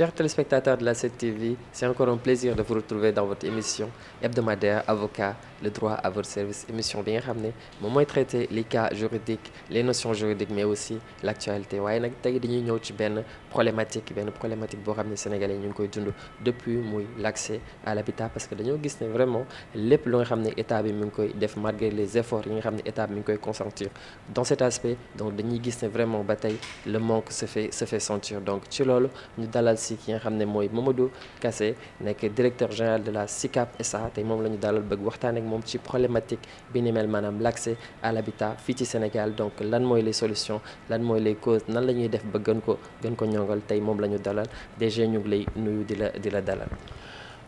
Chers téléspectateurs de la 7TV, c'est encore un plaisir de vous retrouver dans votre émission hebdomadaire Avocat le droit à votre service émission bi nga xam ne moom mooy traiter les cas mais aussi l' waaye nag tey dañuy ñëw ci benn problématique benn problématique boo xam ne Sénégalais ñu ngi koy dund depuis l' accès à l'habitat que dañoo gis ne vraiment lépp lu xam ne état bi mi ngi koy def malgré les efforts yi nga xam ne état ngi koy consentir dans cet aspect donc dañuy gis ne vraiment ba tey le donc ci loolu ñu dalal si ki nga xam ne mooy Mamadou Kassé nekk directeur général de la SICAP SA tey moom la ñu dalal bëgg waxtaan ak moom ci problématique bi ni mel maanaam l'accès à l'habitat fii ci Sénégal donc lan mooy les solution lan mooy les causes nan la ñuy def ba gën ko gën ko ñongal tey moom la ñu dalal déjà ñu lay nuyu di la di la dalal.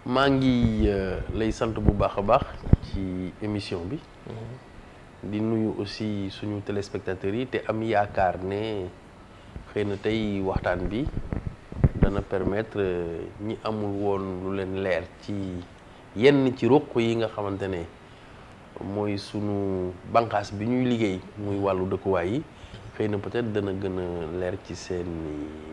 maa ngi euh, lay sant bu baax a baax ci émission bi. Mm-hmm. di nuyu aussi suñu téléspectateurs yi te am yaakaar ne xëy na tey waxtaan bi dana permettre euh, ñi amul woon lu leen leer ci yenn ci ruq yi nga xamante ne. mooy sunu bànqaas bi ñuy liggéey muy wàllu dëkkuwaay yi xëy na peut-être dana gën a leer ci seen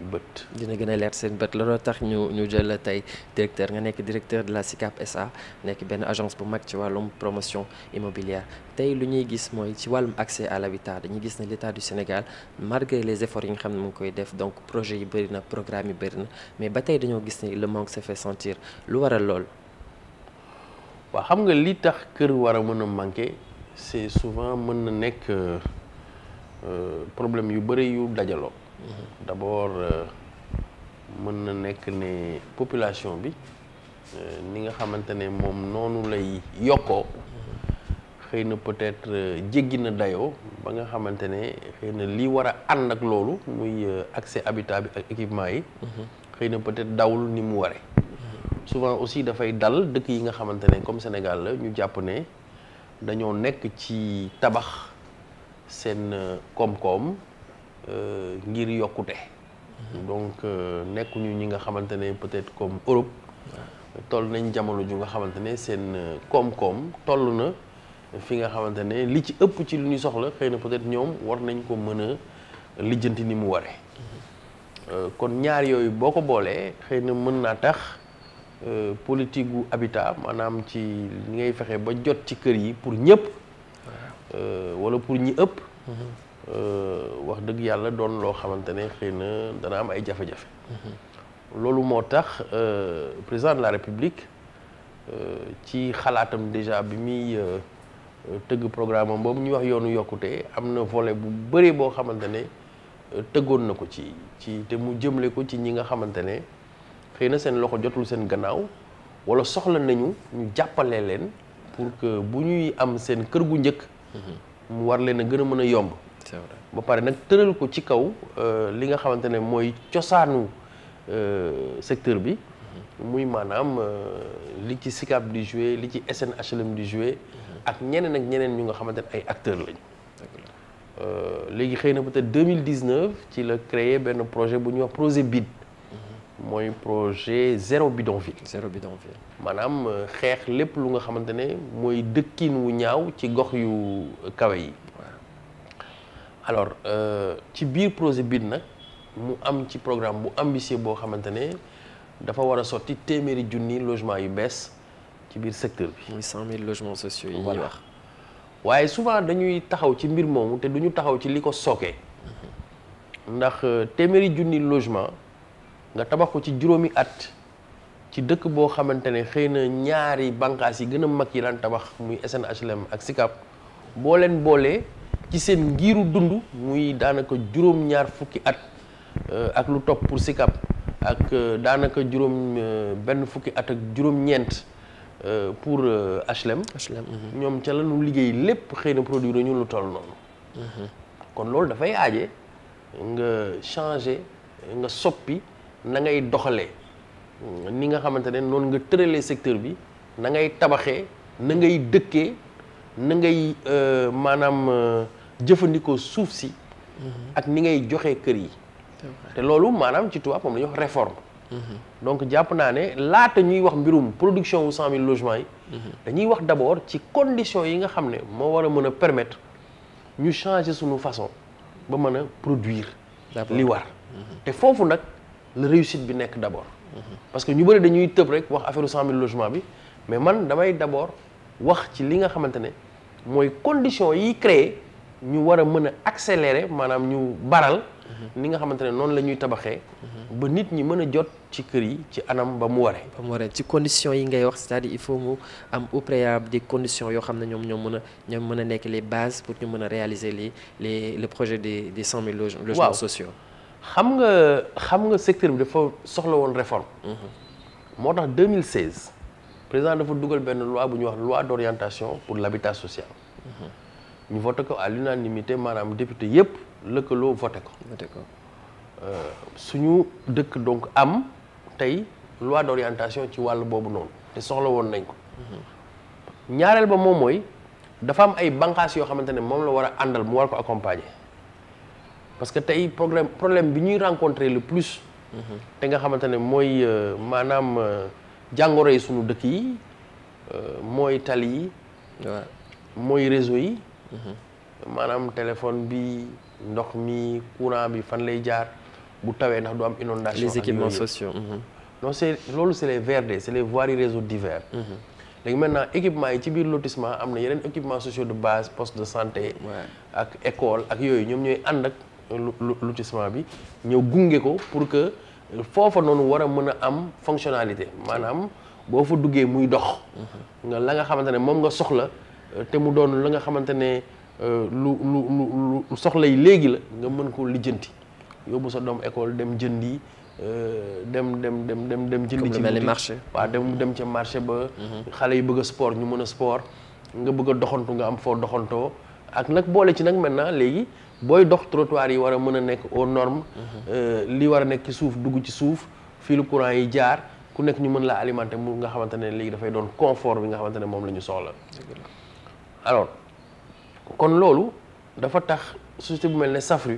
bët. dina gën a leer seen bët looloo tax ñu ñu jël la tey directeur nga nekk directeur de la SICAP SA nekk benn agence bu mag ci wàllum promotion immobilière tey lu ñuy gis mooy ci wàllum accès à l'habitat dañuy gis ne l'État du Sénégal malgré les efforts yi nga xam ne mu ngi koy def donc projet yi bëri na programme yi bëri na mais ba tey dañoo gis ne le manque se lu waral waa xam nga li tax kër war a mën a manqué c'est souvent mën na nekk euh, problème yu bëri yu dajaloo mhm. d'abord euh, mën na nekk ne population bi euh, ni nga xamante ne moom noonu lay yokkoo mhm. xëy na peut-être jéggi na dayoo ba nga xamante ne xëy na lii war a ànd ak loolu muy accès habitat bi ak équipement yi mhm. xëy na peut-être dawul ni mu waree souvent aussi dafay dal dëkk yi nga xamante ne comme senegal la ñu jàpp ne dañoo nekk ci tabax seen euh, koom-koom euh, ngir yokkute. donc euh, nekkuñu ñi nga xamante ne peut-être comme Europe. toll nañ jamono ju nga xamante ne seen koom-koom toll na fi nga xamante ne li ci ëpp ci lu ñuy soxla xëy na peut-être ñoom war nañ ko mën a lijjanti ni mu waree. Mm-hmm. kon ñaar yooyu boo ko boolee xëy na mën naa tax. Euh, politique gu habitat maanaam ci li ngay fexe ba jot ci kër yi pour ñëpp euh, wala pour ñi ëpp euh, wax dëgg yàlla doon loo xamante ne xëy na dana am ay jafe-jafe loolu moo tax président de la république ci xalaatam déjà bi muy tëgg programme am boobu ñuy wax yoonu yokkute am na volet bu bëri boo xamante ne tëggoon na ko ci ci te mu jëmle ko ci ñi nga xamante ne xëy na seen loxo jotul seen gannaaw wala soxla nañu ñu jàppale leen pour que bu ñuy am seen kër gu njëkk. mu war leen a gën a mën a yomb. ba pare nag tëral ko ci kaw euh, li nga xamante ne mooy cosaanu euh, secteur bi. muy maanaam euh, li ci SICAP di joué li ci SNHLM di joué. ak ñeneen ak ñeneen ñu nga xamante ne ay acteurs lañu. léegi xëy na peut-être 2019 ci la créé benn projet bu ñuy wax projet BID. mooy projet zéro bidonville. zéro bidonville. maanaam euh, xeex lépp lu nga xamante ne mooy dëkkin wu ñaaw ci gox yu kawe yi. alors euh, ci biir projet bi nag mu am ci programme bu ambitieux boo xamante ne dafa war a sotti téeméeri junni logement yu bees ci biir secteur bi. cent mille logements sociaux yi ñuy wax. waaye souvent dañuy taxaw ci mbir moomu te duñu taxaw ci li ko sookee. Mm-hmm. ndax euh, téeméeri junni logement. nga tabax ko ci juróomi at ci dëkk boo xamante ne xëy na ñaari bànqaas yi gën a mag yi daan tabax muy SNHLM ak SICAP boo leen boolee ci seen ngiiru dund muy daanaka juróom-ñaar fukki at euh, ak lu topp pour SICAP ak euh, daanaka juróom euh, benn fukki at ak juróom-ñeent pour HLM. HLM mhm. ñoom ca la ñu liggéey lépp xëy na produit ñu lu toll noonu. Mhm. kon loolu dafay aaje nga changer nga soppi. na ngay doxalee ni nga xamante ne noonu nga tëralee secteur bi na ngay tabaxee na ngay dëkkee na ngay euh, maanaam euh, jëfandikoo suuf si. Mm-hmm. ak ni ngay joxe kër yi. te loolu maanaam ci tubaab moom la ñuy wax réforme. Mm-hmm. donc jàpp naa ne laata ñuy wax mbirum production wu cent mille logements yi. Mm-hmm. dañuy wax d'abord ci conditions yi nga xam ne moo war a mën a permettre ñu changer suñu façon ba mën a produire. li war te foofu nag. le réussite bi nekk d' abord. parce que ñu bëri dañuy tëb rek wax affaire 100000 logement bi mais man damay d' abord wax ci li nga xamante ne mooy condition yi créer ñu war a mën a accélérer maanaam ñu baral. ni nga xamante ne noonu la ñuy tabaxee. ba nit ñi mën a jot ci kër yi ci anam ba mu waree. ba mu waree ci conditions yi ngay wax c'est-à-dire il faut mu am au préalable des yoo xam ne ñoom ñoo mën a ñoom mën a nekk les bases pour ñu mën a réaliser les les le projet de des cent mille logements sociaux. xam nga xam nga secteur bi dafa soxla woon réforme. Mm-hmm. moo tax 2016 président dafa dugal benn loi bu ñu wax loi d' orientation pour l' habitat social. Mm-hmm. ñu voté ko à l'unanimité maanaam député yëpp lëkkaloo vote ko. voté ko euh, suñu dëkk donc am tey loi d' orientation ci wàll boobu noonu te soxla woon nañ ko. Mm-hmm. ñaareel ba moom mooy dafa am ay bànqaas yoo xamante ne moom la war a àndal mu war ko accompagner. parce que tey problème problème bi ñuy rencontrer le plus te nga xamante ne mooy euh, maanaam euh, jàngoro yi sunu dëkk yi euh, mooy tali yi mooy réseau yi mhm. maanaam téléphone bi ndox mi courant bi fan lay jaar bu tawee ndax du am inondation les équipements sociaux mhm. non c'est loolu c'est les VRD c'est les voiries réseaux divers mhm. léegi maintenant équipement yi ci biir lotissement am na yeneen équipement sociaux de base poste de santé ak école ak yooyu ñoom ñooy ànd ak lotissement bi ñëw gunge ko pour que foofa noonu war a mën a am fonctionnalité maanaam boo fa duggee muy dox nga la nga xamante ne moom nga soxla euh, te mu doon la nga xamante ne euh, lu lu lu lu soxla yi léegi la nga mën ko lijjanti yóbbu sa doom école dem jëndi euh, dem dem dem dem dem jëndi ci marché waaw dem dem ca marché ba mhm. xale yi bëgg sport ñu mën a sport nga bëgg doxantu nga am foo doxantoo ak nag boole ci nag maintenant léegi booy dox trottoir yi war a mën a nekk aux normes euh, li war a nekk ci suuf dugg ci suuf fii lu courant yi jaar ku nekk ñu mën laa alimenter mu nga xamante ne léegi dafay doon confort bi nga xamante moom la ñu soxla alors kon loolu dafa tax société bu mel ne safri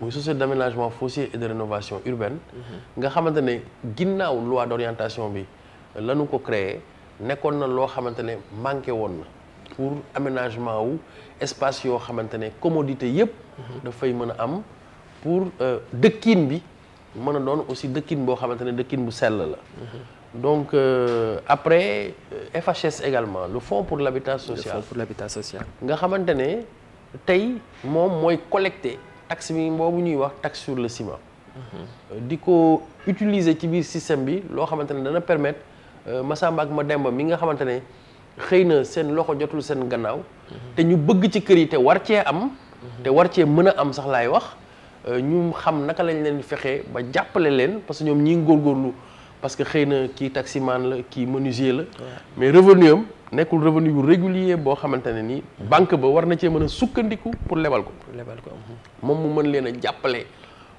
muy société d'aménagement foncier et de rénovation urbaine mm-hmm. nga xamante ne ginnaaw loi d'orientation bi lañu ko créer nekkoon na loo xamante ne manqué woon na pour aménagement wu espace yoo xamante ne commodité yépp dafay mën a am pour euh, dëkkin bi mën a doon aussi dëkkin boo xamante ne dëkkin bu sell la donc euh, après euh, FHS également lu fonds pour l'habitat social le fonds pour l'habitat nga xamante ne tey moom mooy collecter taxe bi boobu ñuy wax taxe sur le ciment euh, di ko utiliser ci biir système bi loo xamante ne dana permettre Massamba ak ma Mademba mi nga xamante ne xëy na seen loxo jotul seen gannaaw mhm. te ñu bëgg ci kër yi te war cee am te war cee mën a am sax laay wax euh, ñu xam naka lañ leen fexe ba jàppale leen parce que ñoom ñi ngi góorgóorlu parce que xëy na kii taximan la kii menuisier la mais revenu am nekkul revenu yu régulier boo xamante ne nii banque ba war na cee mën a sukkandiku pour lebal ko lebal ko mhm. moom mu mën leen a jàppale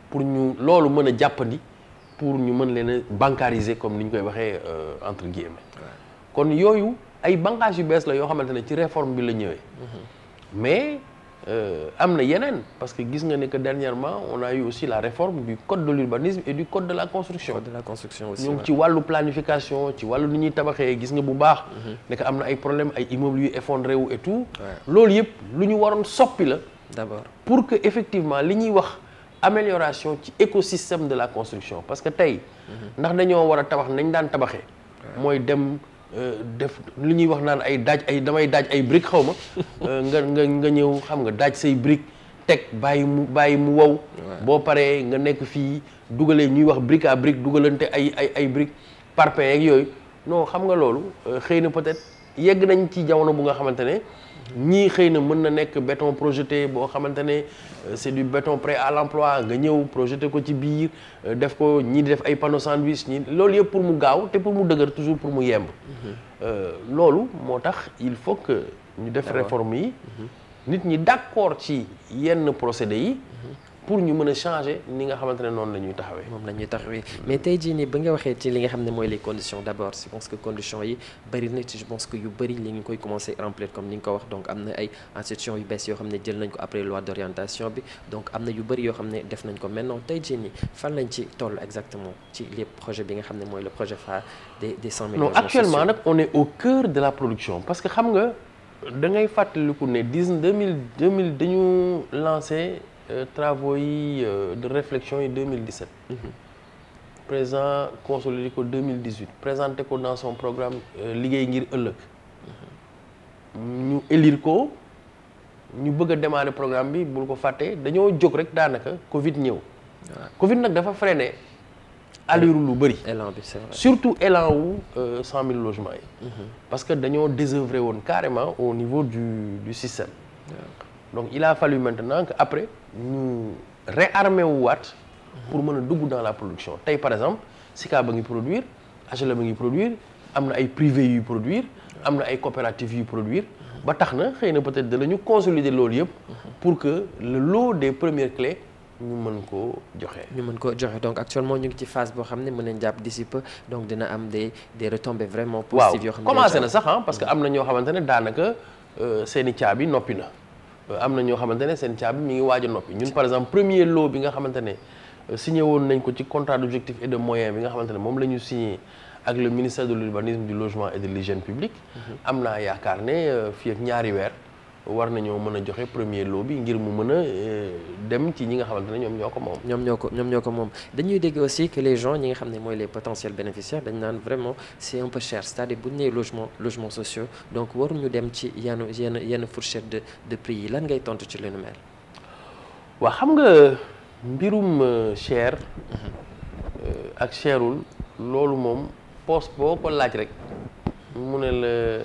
pour ñu loolu mën a jàppandi pour ñu mën leen a bancariser comme ni ñu koy waxee euh, entre guillemets kon yooyu ay bancage yu bees la yoo xamante ne ci réforme bi la ñëwee mhm. mais Euh, am na yeneen parce que gis nga ne que dernièrement on a eu aussi la réforme du code de l'urbanisme et du code de la construction. code de la ci wàllu planification ci wàllu ni ñuy tabaxee gis nga bu baax. Mhm. ne que am na ay problèmes ay immeubles yu effondré wu et loolu yëpp lu ñu waroon soppi la. d'abord pour que effectivement li ñuy wax amélioration ci écosystème de la construction parce que tey. Mhm. ndax dañoo war a tabax nañ daan tabaxee. mooy dem. Euh, def li ñuy wax naan ay daaj ay damay daaj ay briques xawma ma euh, nga nga nga ñëw xam nga daaj say briques teg bàyyi mu bàyyi mu wow boo paree nga nekk fii dugalee ñuy wax brique à brique dugalante ay ay ay briques parpaing yooyu noo xam nga loolu euh, xëy na peut-être yegg nañ ci jamono bu nga xamante ne ñii xëy na mën na nekk béton projeté boo xamante ne euh, c'est du béton prêt à l'emploi nga ñëw projeté ko ci biir euh, def ko ñii di def ay panneau sandwich ñii loolu yëpp pour mu gaaw te pour mu dëgër toujours pour mu yemb. Mhm. Euh, loolu moo tax il faut que ñu def réforme yi. Mhm. nit ñi d'accord ci yenn procédé yi. Mhm. pour ñu mën a changer ni nga xamante ne noonu la taxawee. moom la taxawee mais tey nii ba nga waxee ci li nga xam ne mooy les conditions d' abord pense que conditions yi bëri na je pense que yu bëri li ngi koy commencé remplir comme ni nga ko wax donc am na ay institutions yu bees yoo xam ne jël nañ ko après loi d' bi donc am na yu bëri yoo xam ne def nañ ko maintenant tey jii nii fan lañ ci toll exactement ci les projets bi nga xam Euh, travaux yi euh, de réflexion yi 2017. Mhm. président consolidé ko 2018 présenté ko dans son programme euh, liggéey ngir ëllëg. Mhm. ñu élire ko ñu bëgg a démarrer programme bi bul ko fàtte dañoo jóg rek daanaka Covid ñëw. Covid nag dafa freiné allure lu bëri. élan bi c'est vrai surtout élan wu 100 000 logements yi. Mhm. parce que dañoo désœuvré woon carrément au niveau du du système. donc il a fallu maintenant que après ñu réarmer wu waat pour mën a dugg dans la production tey par exemple Sika ba ngi produire HLM ba ngi produire am na ay privé yuy produire am na ay coopératives yuy produire ba tax na xëy na da na ñu consolider loolu yëpp pour que le loo de premières clés ñu mën koo joxe. ñu mën koo joxe donc actuellement ñu ngi ci phase boo xam ne mën nañ jàpp d'ici peu donc dina am des des retombées vraiment positives yoo xam ne commencé na sax ah parce que mm-hmm. am na ñoo xamante ne daanaka euh, seeni caabi noppi na am na ñoo xamante ne seen caabi mi ngi waaj a noppi ñun par exemple premier lot bi nga xamante ne euh, signé woon nañ ko ci contrat d'objectif et de moyen bi nga xamante ne moom la ñu ak le ministère de l'urbanisme du logement et de l'hygiène publique mm-hmm. am naa yaakaar ne euh, fii ak ñaari weer war nañoo mën a joxe premier lot bi ngir mu mën a euh, dem ci ñi nga xamante ne ñoom ñoo ko moom. ñoom ñoo ko ñoom ñoo ko moom dañuy dégg aussi que les gens ñi nga xam ne mooy les potentiels bénéficiaires dañ naan vraiment c'est un peu cher cest à bu ñu nee logement sociaux donc waruñu dem ci yenn yenn yenn fourchette de de prix yi lan ngay tontu ci lu nu mel. waa xam nga mbirum euh, cher. Euh, ak cherul loolu moom poste boo ko laaj rek mu ne la.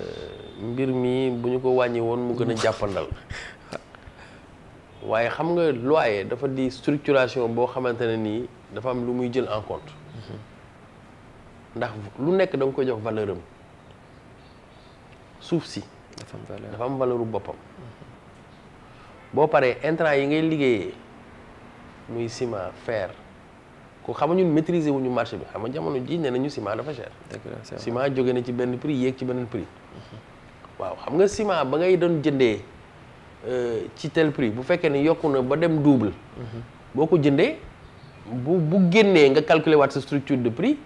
mbir mi bu ñu ko wàññi woon mu gën a jàppandal waaye xam nga loyer dafa di structuration boo xamante ne nii dafa am lu muy jël en compte ndax lu nekk danga nga koy jox valeur suuf si. dafa am valeur boppam. boo paree intrants yi ngay liggéeyee muy ciment fer ko xam nga ñun maîtriser wuñu marché bi xam nga jamono jii nee nañu ciment dafa cher. dëgg la ciment jóge na ci benn prix yéeg ci benn prix. waaw xam nga ciment ba ngay doon jëndee euh, ci tele prix bu fekkee ni yokku na ba dem double. Mhm. boo ko jëndee bu bu génnee nga calculer waat sa structure de prix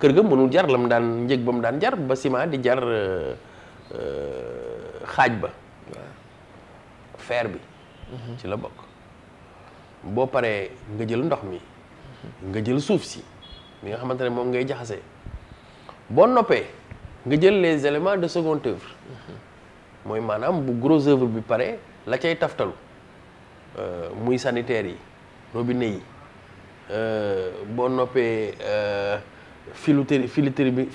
kër ga mënul jar la mu daan njëg ba mu daan jar ba ciment di jar euh, euh, xaaj ba. fer bi. Mhm. ci la bokk. boo paree nga jël ndox mi. Mhm. nga jël suuf si. mi nga xamante ne moom ngay jaxase boo noppee. nga jël les éléments de seconde œuvre mooy maanaam bu gros œuvre bi pare la cay taftalu euh, muy sanitaire yi robinet yi euh, boo noppee filouterie euh, filouterie bi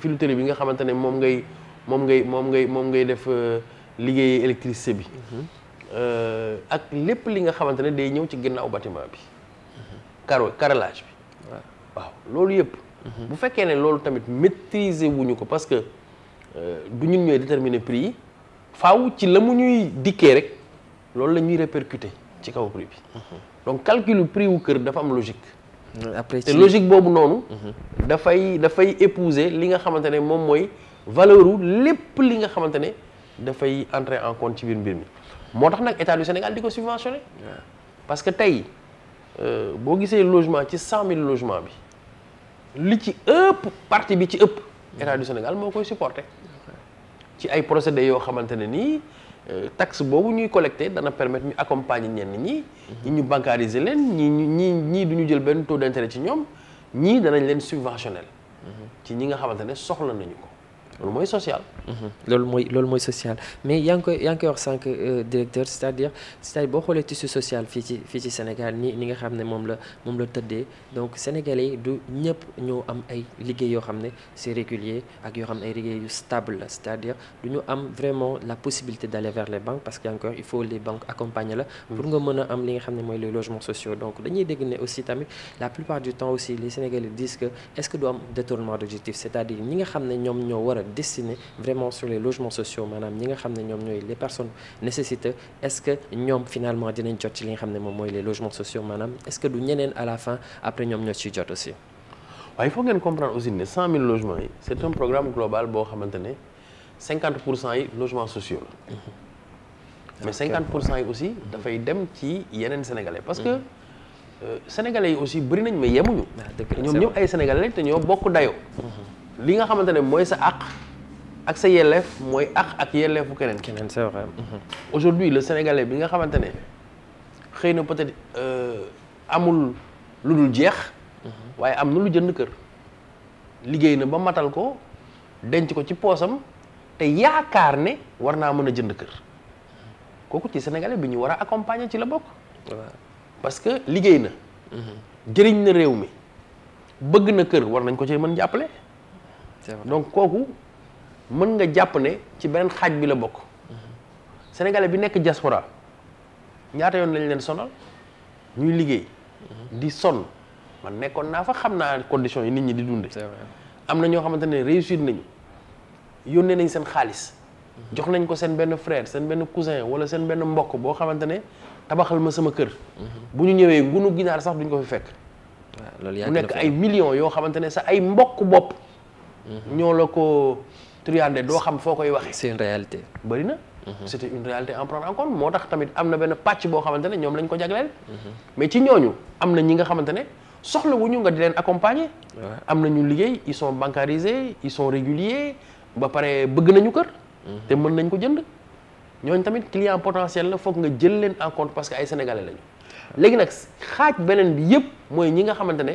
filouterie bi nga xamante ne moom ngay moom ngay moom ngay moom ngay def liggéeyee électricité bi mm-hmm. ak lépp li nga xamante ne day ñëw ci ginnaaw bâtiment bi mm-hmm. caro carrelage bi waaw loolu yëpp bu fekkee ne loolu tamit maîtriser wuñu ko parce que euh, du ñun ñooy déterminer prix yi faaw ci la mu ñuy dikkee rek loolu la ñuy répercuter ci kaw prix bi. Mhm. donc calcul prix wu kër dafa am logique. après te logique boobu noonu. Mhm. dafay dafay épouser li nga xamante ne moom mooy valeur wu lépp li nga xamante ne dafay entrer en compte ci biir mbir mi. moo tax nag état du Sénégal di ko subventionné. parce que tey euh, boo gisee logement ci cent mille logement bi. li ci ëpp parti bi ci ëpp état du Sénégal moo koy supporté ci ay procédés yoo xamante ne nii euh, taxe boobu ñuy collecté dana permettre ñu accompagner ñenn ñi. Mhm. ñu bancariser leen ñii ñii ñii du ñu jël benn taux d'intérêt ci ñoom ñii danañ leen subventionnel. Mhm. ci ñi nga xamante ne soxla nañu ko loolu mooy social. loolu mooy loolu mooy social mais yaa ngi koy yaa ngi koy wax sànq directeur c'est-à-dire boo xoolee tissu social fii ci fii ci Sénégal nii ni nga xam ne moom la moom la tëddee donc sénégalais du ñëpp ñoo am ay liggéey yoo xam ne c'est régulier ak yoo xam ne ay liggéey yu stable la c'est-à-dire du ñu am vraiment la possibilité d'aller vers les banques parce que encore il faut les banques accompagner la pour nga mën a am li nga xam ne mooy les logements sociaux donc dañuy dégg ne aussi tamit la plupart nga xam ne ñoom ñoo war a destiner également sur les logements sociaux maanaam ñi nga xam ne ñoom ñooy les personnes nécessitées est-ce que ñoom finalement dinañ jot ci pour cent yi logements mhm. mais 50 pour cent aussi mhm. dafay dem ci yeneen sénégalais parce que. Mhm. Euh, sénégalais yi aussi bëri nañ mais yemuñu. Ah, ñoom ñëpp ay sénégalais te ñoo bokk dayo li nga xamante mooy sa àq. ak sa yelleef mooy ak ak yelleefu keneen. keneen c'est vrai. Mm-hmm. aujourd'hui le sénégalais bi ne xëy na peut-être euh, amul lu dul jeex. Mm-hmm. waaye am na lu jënd kër. liggéey na ba matal ko denc ko ci poosam te yaakaar ne war naa mën a jënd kër kooku ci sénégalais bi ñuy war a accompagner ci la bokk. parce que liggéey na. Mm-hmm. jëriñ na réew mi bëgg na kër war nañ ko ci mën jàppale. donc kooku. mën nga jàpp ne ci beneen xaaj bi la bokk sénégalais bi nekk diaspora ñaata yoon lañ leen sonal ñuy liggéey di son man nekkoon naa fa xam naa conditions yi nit ñi di dunde am na ñoo xamante ne réussir nañu yónnee nañ seen xaalis jox nañ ko seen benn frère seen benn cousin wala seen benn mbokk boo xamante ne tabaxal ma sama kër bu ñu ñëwee ngunu ginaar sax duñ ko fi fekk mu nekk ay millions yoo xamante ne sa ay mbokk bopp mhm. ñoo la ko truandé doo xam foo koy waxee. c'est une réalité. bëri na. Mhm. c'était une réalité à prendre en compte moo tax tamit am na benn pàcc boo xamante ne ñoom lañ ko jagleel. Mhm. mais ci ñooñu am na ñi nga xamante ne soxla wuñu nga di leen accompagner. am na ñu liggéey ils sont bancarisés ils sont réguliers ba pare bëgg nañu kër. Mhm. te mën nañ ko jënd. ñooñu tamit client potentiel la foog nga jël leen en compte parce que ay sénégalais lañu. léegi nag xaaj beneen bi yëpp mooy ñi nga xamante ne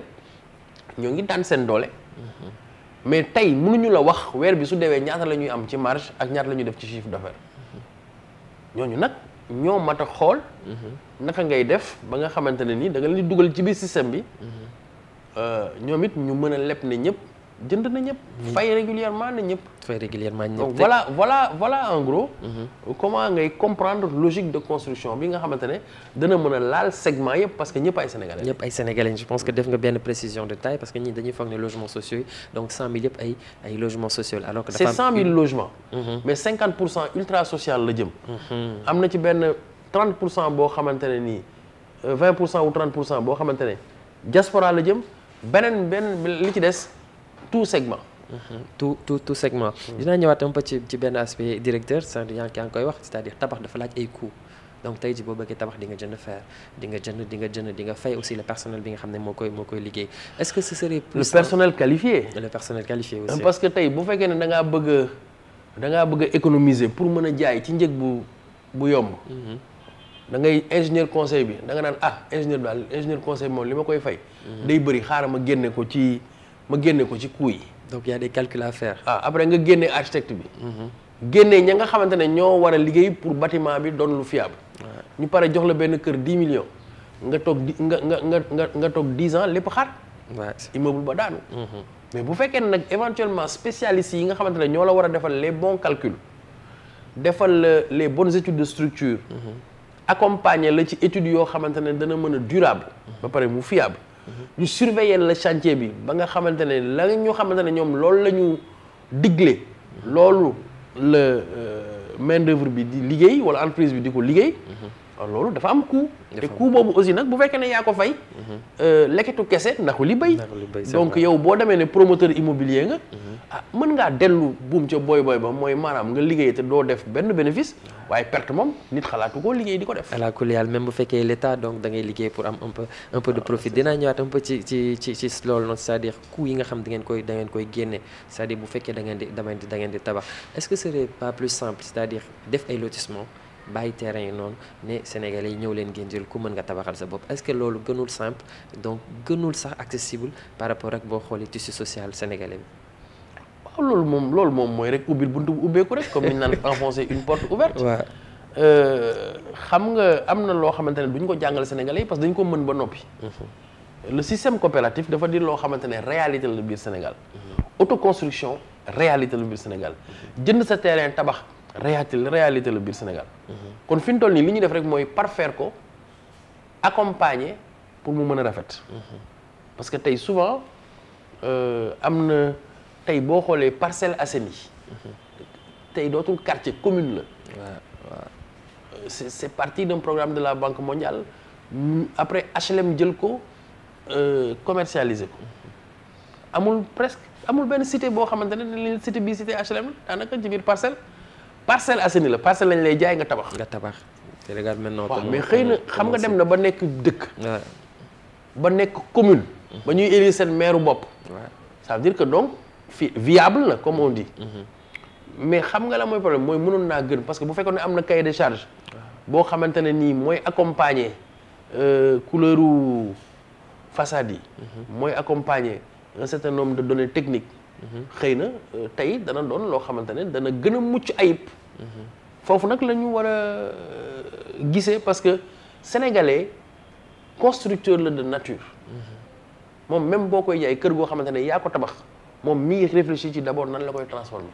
ñoo ngi daan seen doole. mais tey ñu la wax weer bi su dewee ñaata la ñuy am ci marge ak ñaata la ñuy def ci chiffre d'affaires ñooñu nag ñoo mat a xool naka ngay def ba nga xamante ne ni da nga dugal ci biir système bi mm-hmm. euh, ñoom it ñu mën a leb ne ñëpp jënd na ñëpp. Mm. fay régulièrement na ñëpp. fay régulièrement ñëpp voilà voilà voilà mm-hmm. comment ngay comprendre logique de construction bi nga xamante dana mën a laal segment yëpp parce que ñëpp ay sénégalais. ñëpp ay sénégalais je nga benn précision de taille parce que ñi dañuy foog ne logements sociaux yi donc 100000 yëpp ay ay logements sociaux alors que. dafa am c'est mm-hmm. mais 50 la jëm. Mm-hmm. am na ci benn 30 pour cent boo xamante nii 20 pour tout segment. tout tout tout segment. Hmm. dinaa ñëwaat un peu ci ci benn aspect directeur koy wax tabax dafa laaj ay coûts. donc tey jii boo nga jënd fer di nga jënd di nga jënd di nga fay aussi le personnel bi nga xam ne moo koy moo koy liggéey est-ce que ce serait plus que tey bu fekkee ne da ngaa bëgg économiser pour mën a jaay ci njëg bu bu yomb hmm. da ngay ingénieur conseil bi da nga naan ah ingénieur daal ingénieur conseil bi moom li ma koy fay hmm. day bëri xaaral ma génne ko ci ma génne ko ci coût yi. donc y a des ah, après nga génne architecte bi. Mm-hmm. génne ña nga xamante ne ñoo war a liggéey pour batiment bi doon lu fiable. ñu pare jox la benn kër 10 millions nga toog nga nga nga nga nga toog 10 ans lépp xaar. waaw immeuble ba daanu. Mm-hmm. mais bu fekkee nag éventuellement spécialistes yi nga xamante ne ñoo la war a defal les bons calculs defal les bonnes études de structure. Mm-hmm. accompagner la ci études yoo xamante ne dana mën a durable. ba pare mu fiable. ñu surveiller la chantier bi ba nga xamante ne la ñu xamante ne ñoom loolu la ñu digle loolu la euh, main d'œuvre bi di liggéey wala entreprise bi di ko liggéey loolu dafa am coût te coût boobu aussi nag bu fekkee ne yaa ko fay mhm. euh, leketu kese ndaxu li bay donc yow boo demee ne promoteur immobilier nga mhm. ah mën ngaa dellu buum ca booy booy ba mooy maanaam nga liggéey te doo def benn bénéfice waaye perte moom nit xalaatu koo liggéey di ko def ala kulli haal même bu fekkee l'état donc da liggéey pour am un peu un de ah, profit dinaa ñëwaat un peu ci ci ci ci loolu noonu c'est-à-dire coût yi nga xam da ngeen koy da ngeen koy génne cest bu fekkee da ngeen di di da ngeen di tabax est-ce que ce serait bàyyi terrain yi noonu ne Sénégalais yi ñëw leen ngeen jël ku mën nga tabaxal sa bopp est-ce que loolu gënul simple donc gënul sax accessible par rapport ak boo xoolee tissu social sénégalais bi. waaw loolu moom loolu moom mooy rek ubbil buntu bu ubbeeku rek comme ni ñu naan enfoncer une porte ouverte. Euh, xam nga am na loo xamante ne duñ ko jàngal Sénégalais yi parce que dañ ko mën ba noppi. Mm-hmm. le système coopératif dafa di loo xamante ne réalité la biir Sénégal. Mm-hmm. autoconstruction réalité la biir Sénégal mm-hmm. jënd sa terrain tabax. réalité réalité la biir Sénégal. kon fi ñu toll nii li ñu def rek mooy parfaire ko accompagner pour mu mën a rafet. parce que tey souvent euh, am na tey boo xoolee Parcelles Assainies tey dootul quartier commune la. waaw euh, c'est c'est parti de programme de la Banque mondiale après HLM jël ko euh, commercialiser ko amul presque amul benn cité boo xamante ne cité bii cité HLM daanaka ci biir parcelle. Parcelles Assainies la parcelle lañ lay jaay nga tabax. nga tabax te regarde maintenant. waaw mais xëy na xam nga dem na ba nekk dëkk. ba nekk commune. ba ñuy élire seen maire bopp. waaw ça veut que donc fi viable na comme on dit. Mm-hmm. mais xam nga la mooy problème mooy mënoon naa gën parce que bu fekkoon ne am na cahier de charge. boo xamante ne nii mooy accompagner euh, couleuru façade yi. Mm-hmm. mooy accompagner un certain nombre de donne technique xëy na euh, tey dana doon loo xamante ne dana gën a mucc ayib. foofu nag lañu war a euh, gisee parce que sénégalais constructeur la de nature. moom même boo koy jaay kër goo xamante ne yaa ko tabax moom mi ngi réfléchir ci d' abord nan la koy transformer.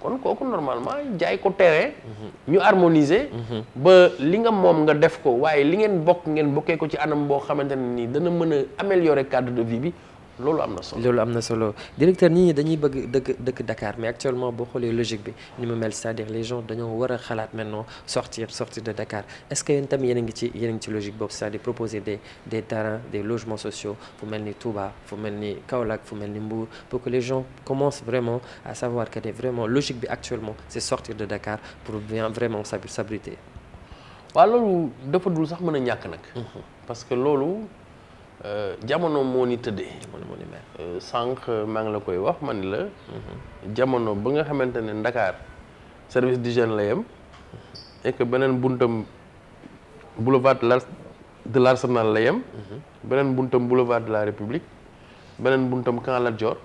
kon kooku normalement jaay ko terrain. ñu harmoniser. ba li nga moom nga def ko waaye li ngeen bokk ngeen bokkee ko ci anam boo xamante ne nii dana mën a améliorer cadre de vie bi. loolu am na solo loolu am na solo directeur nit ñi dañuy bëgg dëkk dëkk Dakar mais actuellement boo xoolee logique bi ni mu mel c'est-à-dire les gens dañoo war a xalaat maintenant sortir sortir de Dakar est-ce que yéen tam yéen a ngi ci yéen a ngi ci logique boobu c'est-à-dire proposer des des terrains des logements sociaux fu mel ni Touba fu mel ni Kaolack fu mel ni Mbour pour que les gens commencent vraiment à savoir que vraiment logique bi actuellement c'est sortir de Dakar pour bien vraiment s'abriter. waaw loolu dafa dul sax mën a ñàkk nag. Mm-hmm. Euh, jamono moo ni tëddee. jamono moo euh, sànq euh, maa ngi la koy wax man la. Mhm. jamono ba nga xamante ne Ndakaar service d'hygiène la yem. et que beneen buntam boulevard de l'Arsenal la yem. Mhm. beneen buntam boulevard de la République. beneen buntam Camp Lat Dior.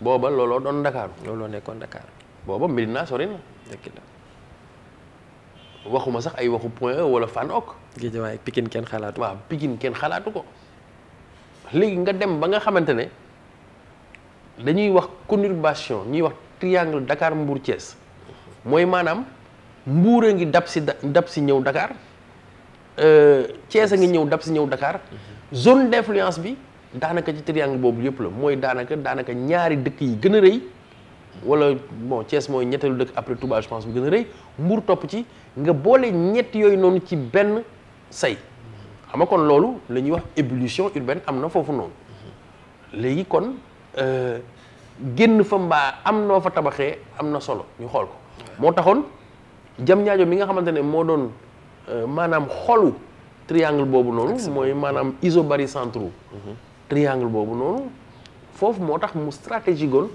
booba looloo doon Ndakaar. looloo nekkoon Ndakaar. booba Médina sori na. la. waxuma sax ay waxu Point E wala Fann ok. Guédiawaye Pikine kenn xalaatu. waaw Pikine kenn xalaatu ko. léegi nga dem ba nga xamante ne dañuy wax conurbation ñuy wax triangle Dakar mburu Thiès mooy maanaam Mbour a ngi dab si dab si ñëw Dakar euh, Thiès a ngi ñëw dab si ñëw dakaar zone d'influence bi daanaka ci triangle boobu yëpp la mooy daanaka daanaka ñaari dëkk yi gën a rëy wala bon Thiès mooy ñetteelu dëkk après Touba je pense bi gën a rëy Mbour topp ci nga boole ñett yooyu noonu ci benn say xam nga kon loolu la ñuy wax ébullition urbaine am na foofu noonu léegi kon euh, génn fa mbaa am noo fa tabaxee am na solo ñu xool ko moo taxoon jam ñaajo mi nga xamante ne moo doon euh, maanaam xolu triangle boobu noonu mooy maanaam iso bari isobaricentre mm-hmm. triangle boobu noonu foofu moo tax mu stratégie goon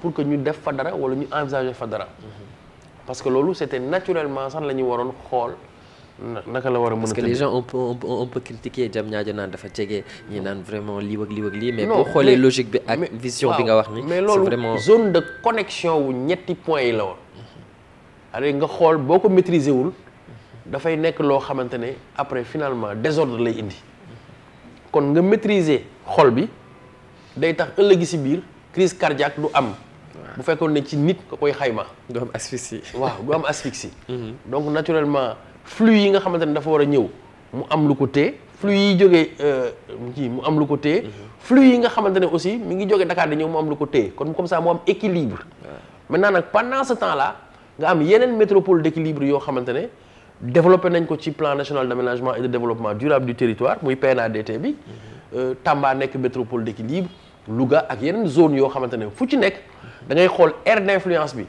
pour que ñu def fa dara wala ñu envisager fa dara mm-hmm. parce que loolu c'était naturellement sax la ñu waroon xool naka la war a mën a parce que les gens on peut on peut critiquer jam ñaajo naan dafa jege ñi naan vraiment lii ak lii ak lii mais boo xoolee logique bi ak vision bi nga wax ni mais loolu zone de connexion wu ñetti points yi la woon alors nga xool boo ko maîtriser wul dafay nekk loo xamante ne après finalement désordre lay indi kon nga maîtriser xool bi day tax ëllëgi si biir crise cardiaque du am bu fekkoon ne ci nit ko koy xayma du am asphyxie waaw du am asphyxie mhm. donc naturellement flux yi nga xamante ne dafa war a ñëw mu am lu ko téye flux yi jógee euh, kii mu am lu ko téye mm-hmm. flux yi nga xamante ne aussi mi ngi jógee Dakar di ñëw mu am lu ko téye kon comme sax mu am équilibre maintenant nag pendant ce temps là nga am yeneen métropole d'équilibre yoo xamante ne développé nañ ko ci plan national d'aménagement et de développement durable du territoire muy PNADT bi mm-hmm. euh, Tamba nekk métropole d'équilibre Louga ak yeneen zone yoo xamante ne fu ci nekk dangay xool aire d'influence bi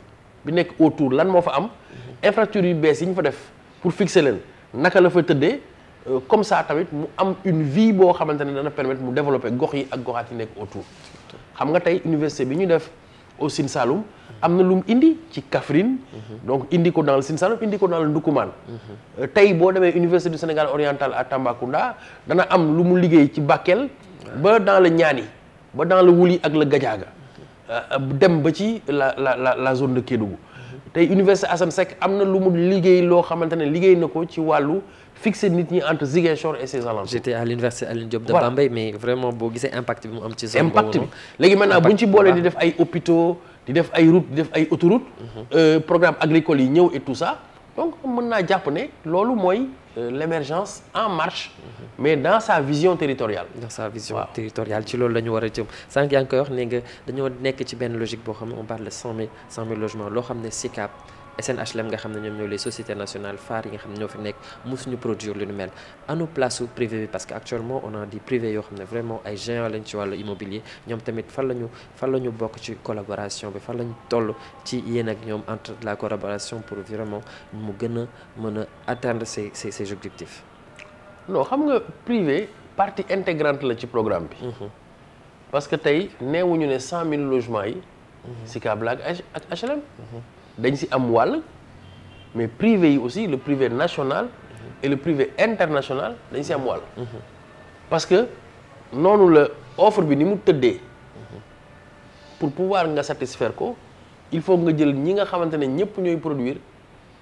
bi nekk autour lan moo fa am mm-hmm. infrastructure yu bees yi ñu fa def pour fixer leen naka la fa tëddee euh, comme ça tamit mu am une vie boo xamante ne dana permettre mu développer gox yi ak goxaat yi nekk autour xam nga tey université bi ñu def au Sine Saloum am na lu mu indi ci Kaffrine donc indi ko dans le Sine Saloum indi ko dans le Ndoukoumane euh, tey boo demee université du Sénégal oriental à Tambacounda dana am lu mu liggéey ci Bakel ba dans le ñaani ba dans le Wuli ak la Gadiaga euh, dem ba ci la la la la zone de Kédougou tey université Assane Seck am na lu mu liggéey loo xamante ne liggéey na ko ci wàllu fixer nit ñi entre Ziguinchor et ses alentours. j'étais à l'université Alioune Diop de Bambey mais vraiment boo gisee impact bi mu am ci zone boobu impact bi léegi maintenant bu ñu ci boolee di def ay hôpitaux di def ay routes di def ay autoroutes. Mhm. Euh, programme agricole yi ñëw et tout ça. donc mën naa jàpp ne loolu mooy euh, l'émergence en marche mais dans sa vision territoriale dans sa vision wow. ci loolu la ñu war a jëm sànq yaa ngi koy wax dañoo nekk ci benn logique boo xam ne on parle de cent loo xam ne SICAP SNHLM nga xam ne ñoom ñoo les sociétés nationales phares yi nga xam ne ñoo fi nekk mosuñu produire lu nu mel anu place privé bi parce que actuellement on a des privés yoo xam ne vraiment ay géants lañ ci wàllu immobilier ñoom tamit fan la ñu fan la ñu bokk ci collaboration bi fan la ñu toll ci yéen ak ñoom entre la collaboration pour vraiment mu gën a mën a atteindre ses ses ses objectifs. non xam nga privé partie intégrante la ci programme bi. Mhm. parce que tey neewuñu ne cent mille logements yi. Mhm. dañ si am wàll mais privé yi aussi le privé national et le privé international dañ si am wàll parce que noonu la offre bi ni mu tëddee pour pouvoir nga satisfaire ko il faut nga jël ñi nga xamante ne ñëpp ñooy produire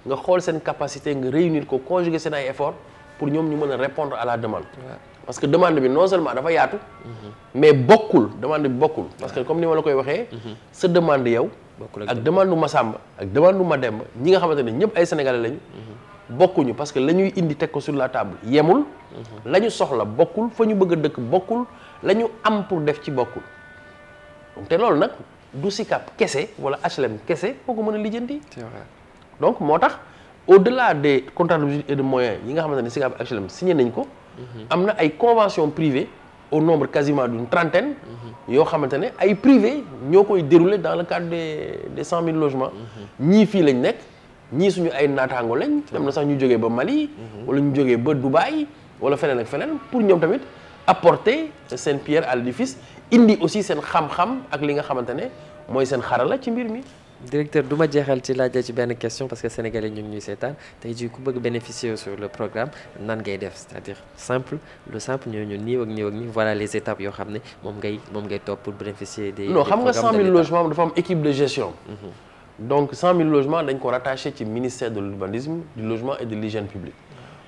nga xool seen capacité nga réunir ko conjuguer seen ay effort pour ñoom ñu mën a répondre à la demande parce que demande bi non seulement dafa yaatu mhm. mais bokkul demande bi bokkul parce que comme ni ma la koy waxee mhm. sa demande yow ak demande u Masamba ak demande u Mademba ñi nga xamante ne ñëpp ay sénégalais lañu. Mhm. bokkuñu parce que la ñuy indi teg ko sur la yemul. Mhm. la ñu soxla bokkul fa ñu bëgg a dëkk bokkul la ñu am pour def ci bokkul. te loolu nag du SICAP kese wala HLM kese foo ko mën a lijjanti. donc moo tax au delà des contrats de budget et de moyens yi nga xamante ne SICAP ak HLM signé nañ ko. Mhm. am na ay convention privée au nombre quasiment d'une trentaine yoo xamante ne ay privé ñoo koy dérouler dans le cadre des cent mille logements ñii fii lañ nekk ñii suñu ay naataango lañ dem na sax ñu jógee ba Mali wala ñu jógee ba Dubaï wala feneen ak feneen pour ñoom tamit apporter seen pierre à l'édifice indi aussi seen xam-xam ak li nga xamante ne mooy seen xarala ci mbir mi directeur du ma jeexal ci laajee ci benn question parce que sénégalais ñu ñuy seetaan tey jii ku bëgg bénéficier sur le programme nan ngay def c'est-à-dire simple le simple ñoo ñu nii ak nii ak nii voilà les étapes yoo xam ne moom ngay moom ngay topp pour bénéficier des non xam nga 100000 logements dafa am équipe de gestion mhm. donc 100000 dañ ko rattaché ci ministère de l'urbanisme du logement et de l'hygiène publique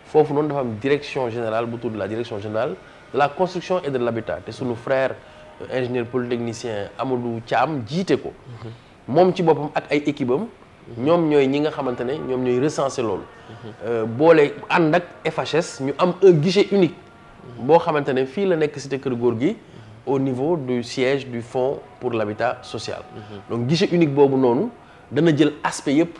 foofu noonu dafa am direction général bu tudd la direction générale de la construction et de l'habitat te sunu frère euh, ingénieur polytechnicien Amadou Thiam jiite ko mhm. moom ci boppam ak ay équipe ñoom ñooy ñi nga xamante ne ñoom ñooy recenser loolu. Euh, boole ànd ak FHS ñu am un unique. boo xamante ne fii la nekk cité Kër Góor gi. au niveau du siège du fonds pour l'habitat social. donc guichet unique boobu noonu dana jël aspect yépp.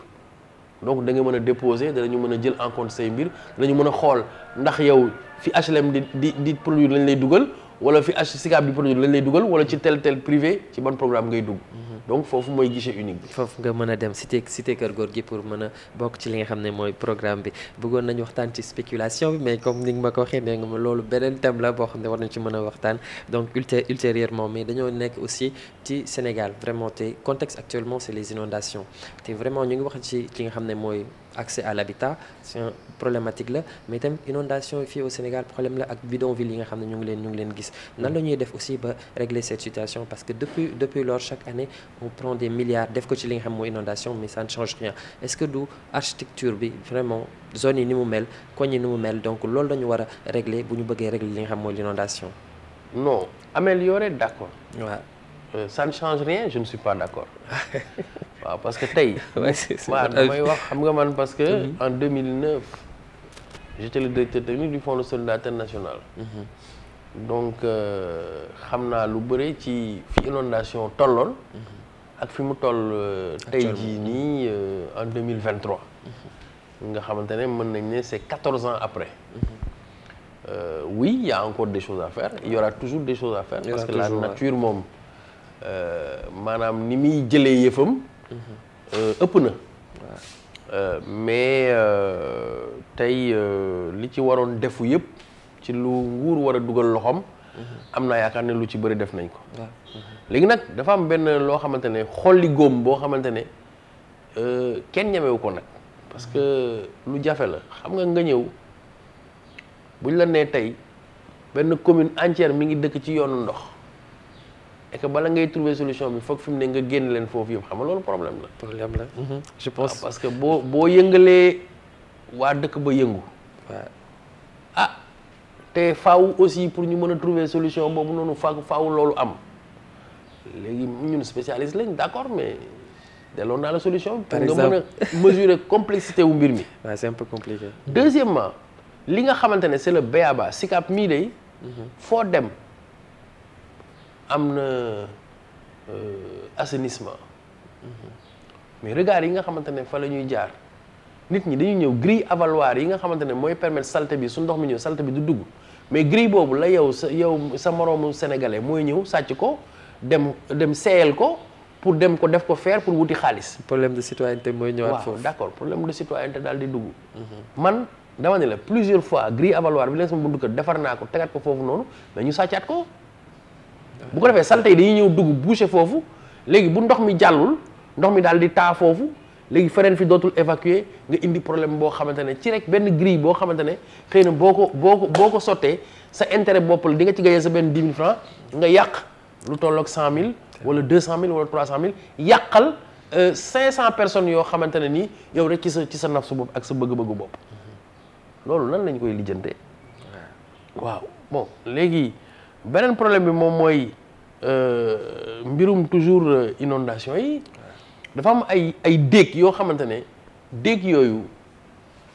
donc da nga mën a déposer danañu mën a jël en compte say mbir danañu mën a xool ndax yow fi HLM di di di produit lañ lay dugal. wala fi H SICAP di produire lañ lay dugal wala ci tel tel privé ci ban programme ngay dugg. Mhm. donc foofu mooy guichet unique bi. foofu nga mën a dem cité te Kër Góor gi pour mën a bokk ci li nga xam ne mooy programme bi bëggoon nañu waxtaan ci spéculation bi mais comme ni nga ma ko waxee nga ma loolu beneen thème la boo xam ne war nañ ci mën a waxtaan donc ulté ultérieurement mais dañoo nekk aussi ci Sénégal vraiment te contexte actuellement c'est les inondations te ñu ngi wax ci li nga xam ne mooy. accès à l'habitat c'est une problématique la mais tamit inondation fii au Sénégal problème la ak bidonville yi nga xam ne ñu ngi leen ñu ngi leen gis nan la ñuy def aussi ba régler cette situation parce que depuis depuis lors chaque année on prend des milliards def ko ci li nga xam mooy inondation mais ça ne change rien est du architecture bi vraiment zone yi ni mu mel koñ yi ni mu mel donc loolu dañu war a régler bu ñu bëggee régler li nga xam mooy l'inondation non améliorer d'accord waaw ouais. euh, ça ne change rien je ne suis pas waaw ah, parce que tey. waaw damay ah, wax xam nga man parce que. Mhm. en 2009 j'étais le directeur technique du fonds de solidarité nationale. Mhm. donc euh, xam naa lu bëri ci fi inondation tolloon. Mhm. ak fi mu toll euh, tey jii nii euh, en 2023. nga xamante ne mën nañ ne c'est quatorze ans après. Euh, oui il encore des choses à faire il y aura toujours des choses à faire. parce que la nature moom maanaam ni muy jëlee yëfam. Euh, ëpp na euh, mais euh, tey li ci waroon defu yëpp ci lu nguur war a dugal loxoom. am naa yaakaar ne lu ci bëri def nañ ko. léegi nag dafa am benn loo xamante ne xolli góom boo xamante ne kenn ñemewu ko nag. parce que lu jafe la xam nga nga ñëw buñ la nee tey benn commune entière mi ngi dëkk ci yoonu ndox. et que bala ngay trouver solution bi foog fi mu ne nga génn leen foofu yëpp xam nga loolu problème la. problème la mhm. parce que boo boo yëngalee waa dëkk ba yëngu. ah te faw aussi pour ñu mën a trouver solution boobu noonu faaw faaw loolu am léegi ñun spécialiste lañ d'accord mais. delloo naa la solution. par exemple pour nga mën a mesurer complexité wu mbir mi. waaw c'est un deuxièmement li nga xamante ne c'est le béaba SICAP mii day. Mhm. foo dem. am na euh, assainissement mm-hmm. mais regard yi nga xamante ne fa la ñuy jaar nit ñi dañu ñëw grille avaloir yi nga xamante ne mooy permettre salte bi su ndox mi ñëw salte bi du dugg mais grille boobu la yow sa yow sa moroomu sénégalais mooy ñëw sàcc ko dem dem seeyal ko pour dem ko def ko faire pour wuti xaalis. problème de citoyenneté mooy ñëwaat foofu waaw d'accord problème di dugg. Mm-hmm. man dama ne la plusieurs fois grille avaloir bi leen sama buntu kër defar naa ko tegaat ko foofu noonu mais ñu sàccaat ko. bu ko defee saleté yi dañuy ñëw dugg boucher foofu léegi bu ndox mi jàllul ndox mi daal di taa foofu léegi feneen fi dootul évacuer nga indi problème boo xamante ne ci rek benn grille boo xamante ne xëy na boo ko boo ko boo ko sottee sa intérêt bopp la di nga ci gagné sa benn 10 000 francs nga yàq lu tolloog mille wala 200000 wala 300000 yàqal 500 euh, personnes yoo xamante ne nii yow rek ci sa ci sa nafsu bopp ak sa bëgg-bëggu bopp loolu nan lañ koy lijjantee waaw beneen problème bi moom mooy euh, mbirum toujours euh, inondation yi dafa am ay ay déeg yoo xamante ne déeg yooyu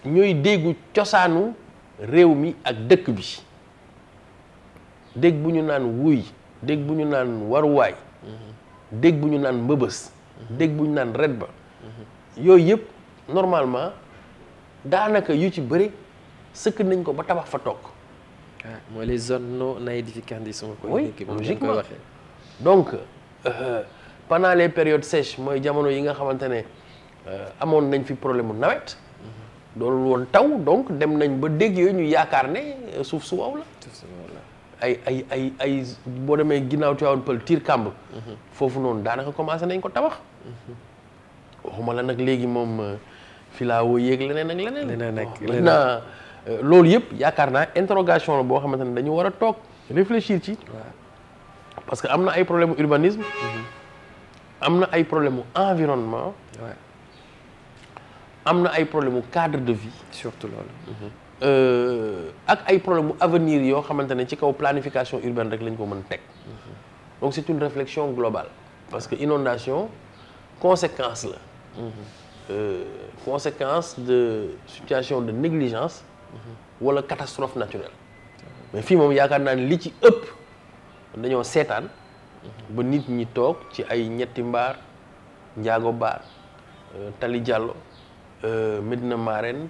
ñooy déggu cosaanu réew mi ak dëkk bi dégg bu ñu naan wuy dégg bu ñu naan waruwaay dégg bu ñu naan mbëbës dégg bu ñu naan ret ba yooyu yëpp normalement daanaka yu ci bëri sëkk nañ ko ba tabax fa toog ah mooy les zones non aedificantes yi. oui logiquement donc euh, pendant les périodes sèches mooy jamono yi nga xamante ne euh, amoon nañ fi problème mu nawet. loolu mhm. woon taw donc dem nañ ba dégg yooyu ñu yaakaar ne euh, suuf su waw la. ay ay ay boo demee ginnaaw Tivaouane Peulh tiir kàmb. Mhm. foofu noonu daanaka commencé nañ ko tabax. Mhm. waxuma la nag léegi moom euh, filaawo yeeg leneen ak leneen. leneen ak leneen Euh, loolu yëpp yaakaar naa interrogation la boo xamante ne dañu war a toog réfléchir ci parce que am na ay problème urbanisme mm-hmm. am na ay problème environnement am na ay problème cadre de vie surtout loolu mm-hmm. euh, ak ay problème avenir yoo xamante ne ci kaw planification urbaine rek lañ ko mën teg mm-hmm. donc c'est une réflexion globale parce que inondation conséquence la euh, conséquence de situation de négligence wala catastrophe naturelle mais fii moom yaakaar naa ne li ci ëpp dañoo seetaan ba nit ñi toog ci ay ñetti mbaar njaago baar euh, tali jàllo euh, Medina Marène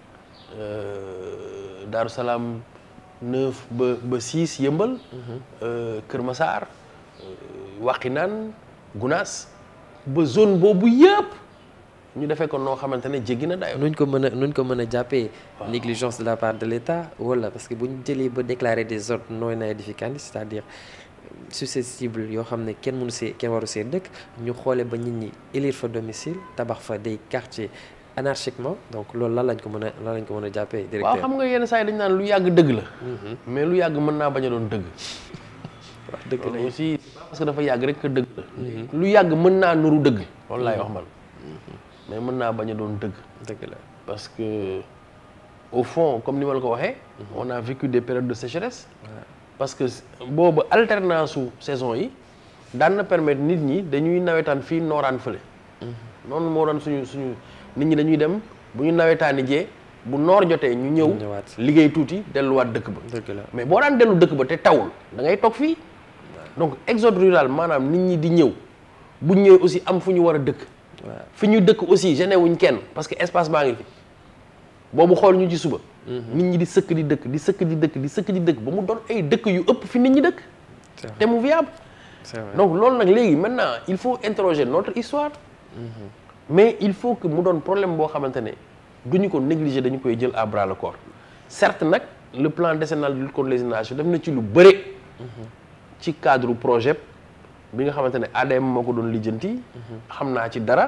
euh, Daaru Salaam ba ba yëmbal Kër Masaar Waxinaan Gunaas ba zone boobu yëpp ñu defee ko noo xamante ne jéggi na dayoo. nuñ ko mën a nuñ ko mën a jàppee. négligence de la part de l' état wala parce que bu ñu jëlee ba déclarer des ordres non aedificandi c' est à dire susceptible yoo xam ne kenn mënu see kenn waru see dëkk ñu xoolee ba nit ñi élire fa domicile tabax fa des quartiers anarchiquement donc loolu lan lañ ko mën a lan lañ ko mën a jàppee. directeur waaw xam nga yenn saa yi dañ naan lu yàgg dëgg la. Mhm. mais lu yàgg mën naa bañ a doon dëgg. wax dëgg la parce que dafa yàgg dëgg mhm. lu yàgg mën naa nuru dëgg. loolu laay wax man. Mhm. mais mën naa bañ a doon dëgg. dëgg la parce que au fond comme ni ma la ko waxee. on a vécu des période de sécheresse. parce que boobu alternance su saison yi daan na permettre nit ñi dañuy nawetaan fii nooraan fële. Mhm. noonu moo doon suñu suñu nit ñi dañuy dem bu ñu nawetaani jee bu noor jotee ñu ñëw. liggéey tuuti delluwaat dëkk ba. mais boo daan dellu dëkk ba te tawul dangay ngay toog fii. donc exode rural maanaam nit ñi di ñëw buñ ñëwee aussi am fu ñu war a dëkk. fi ñu dëkk aussi gêné wuñ kenn parce que espace baa ngi fi boobu xool ñu ci suba. Mhm. nit ñi di sëkk di dëkk di sëkk di dëkk di sëkk di dëkk ba mu doon ay dëkk yu ëpp fi nit ñi dëkk. te mu viable. donc loolu nag léegi maintenant il faut interroger notre histoire. Mhm. mais il faut que mu doon problème boo xamante ne duñu ko négliger dañu koy jël à bras le corps certes nag le plan décennal de lutte contre les inondations def na ci lu bëre. Mhm. ci cadre projet. bi nga xamante ne ADM moo ko doon lijjanti. xam naa ci dara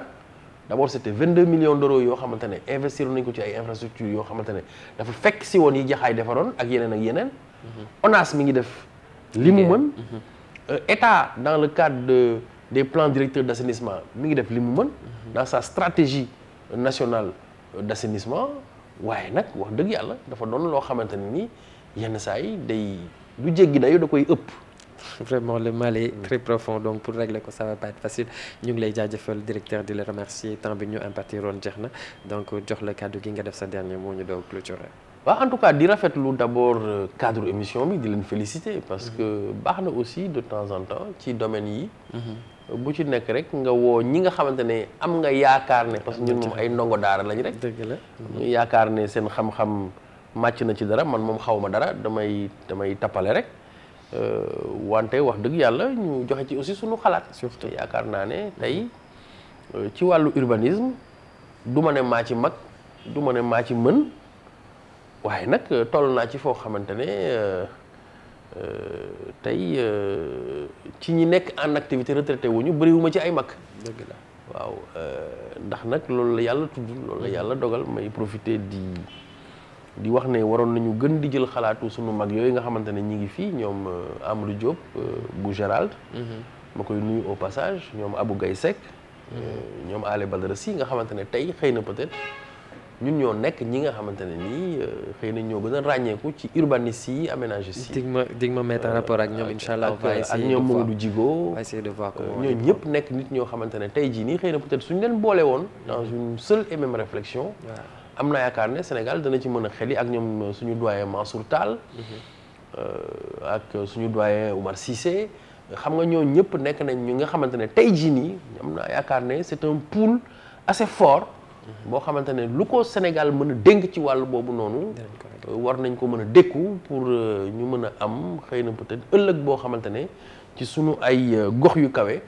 d' abord c' était 22 millions d' euros yoo xamante ne investir nañ ko ci ay infrastructures yoo xamante ne dafa fekk si woon yi jaxaay defaroon ak yeneen ak yeneen. ONAS mi ngi def. li mu mën mhm. euh, état dans le cadre de des plans directeurs d' assainissement mi ngi def li mu mën. Mhm. dans sa stratégie nationale d' assainissement waaye nag wax dëgg yàlla dafa doon loo xamante ne ni yenn saa yi day du jéggi dayo da koy ëpp. vraiment le mal est mm. très profond donc pour ko ça va pas être ñu ngi lay jaajëfal directeur di la remercier temps bi ñu impartiroon jeex na donc jox la kàddu gi nga def sa dernier moo ñu doog clôturer. waaw en tout cas di rafetlu d'abord euh, cadre émission bi di leen féliciter parce mm-hmm. que baax na aussi de temps en temps ci domaine yi. Mm-hmm. bu ci nekk rek nga woo ñi nga xamante ne am nga yaakaar ne parce que ñun moom ay ndongo daara lañ rek. dëgg la mm-hmm. yaakaar ne seen xam-xam màcc na ci dara man moom xaw ma dara damay damay tappale rek. Euh, wante wax dëgg yàlla ñu joxe ci aussi suñu xalaat. surtout yaakaar naa ne tey euh, ci wàllu urbanisme du ma ne maa ci mag du ma ne maa ci mën waaye nag euh, toll naa ci foo xamante ne tey ci ñi nekk en activité retraité wu ñu bëriwuma ci ay mag. dëgg la waaw ndax nag loolu la yàlla tudd loolu la mm. yàlla dogal may profité di. di wax ne waroon nañu gën di jël xalaatu sunu mag yooyu nga xamante ne ñi ngi fii ñoom am euh, Amadou Diop euh, bu Gérald mhm. ma koy nuyu au passage ñoom abu gay Seck mhm. euh, ñoom Ale Badara Si nga xamante ne tey xëy na peut-être ñun ñoo nekk ñi nga xamante ne nii xëy na ñoo gën a ràññeeku ci urbanistes yi aménagistes yi. dig ma dig ma mettre en rapport ak ñoom incha allah. ak ñoom Mamadou Djigo va ñëpp nekk nit ñoo xamante ne tey jii nii xëy na peut-être suñu leen boole woon dans mhm. une seule et même réflexion. am na yaakaar ne Sénégal dana ci mën a xel yi ak ñoom suñu doyen Mansour Tall. Euh, ak suñu doyen Oumar Cissé. xam nga ñoo ñëpp nekk nañ ñu nga xamante ne tey jii nii am naa yaakaar ne c'est un pool assez fort. boo xamante ne lu ko Sénégal mën a dénk ci wàll boobu noonu. war nañ ko mën a dékku pour euh, ñu mën a am xëy na peut-être ëllëg boo xamante ne. ci sunu ay euh, gox yu kawe.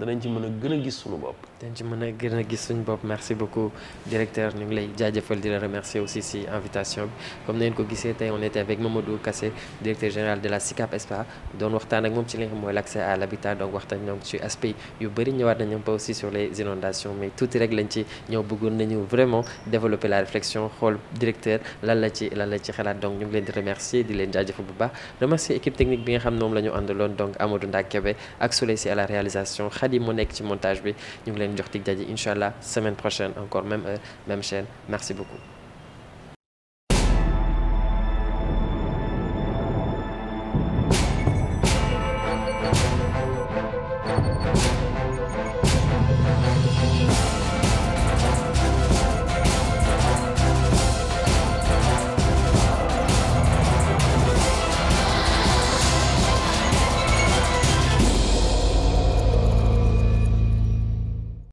danañ ci mën a gën a gis suñu bopp. danañ ci mën a gën a gis suñu bopp merci beaucoup directeur ñu ngi lay jaajëfal di la remercier aussi si invitation bi comme ni ngeen ko gisee tey on était avec Mamadou Kassé directeur général de la SICAP SPA doon waxtaan ak moom ci li xam mooy l' accès à l' habitat donc waxtaan ñoom ci aspect yu bëri ñëwaat nañu aussi sur les inondations mais tuuti rek lañ ci ñëw bëggoon nañu vraiment développer la réflexion xool directeur lan la ci lan la ci xalaat donc ñu leen di leen jaajëfal bu baax remercier équipe technique bi nga xam Maodo Ndak Kébé ak Souley si à la réalisation Khady mu nekk ci montage bi ñu ngi leen jox dig daje incha allah semaine prochaine encore même heure même chaîne merci beaucoup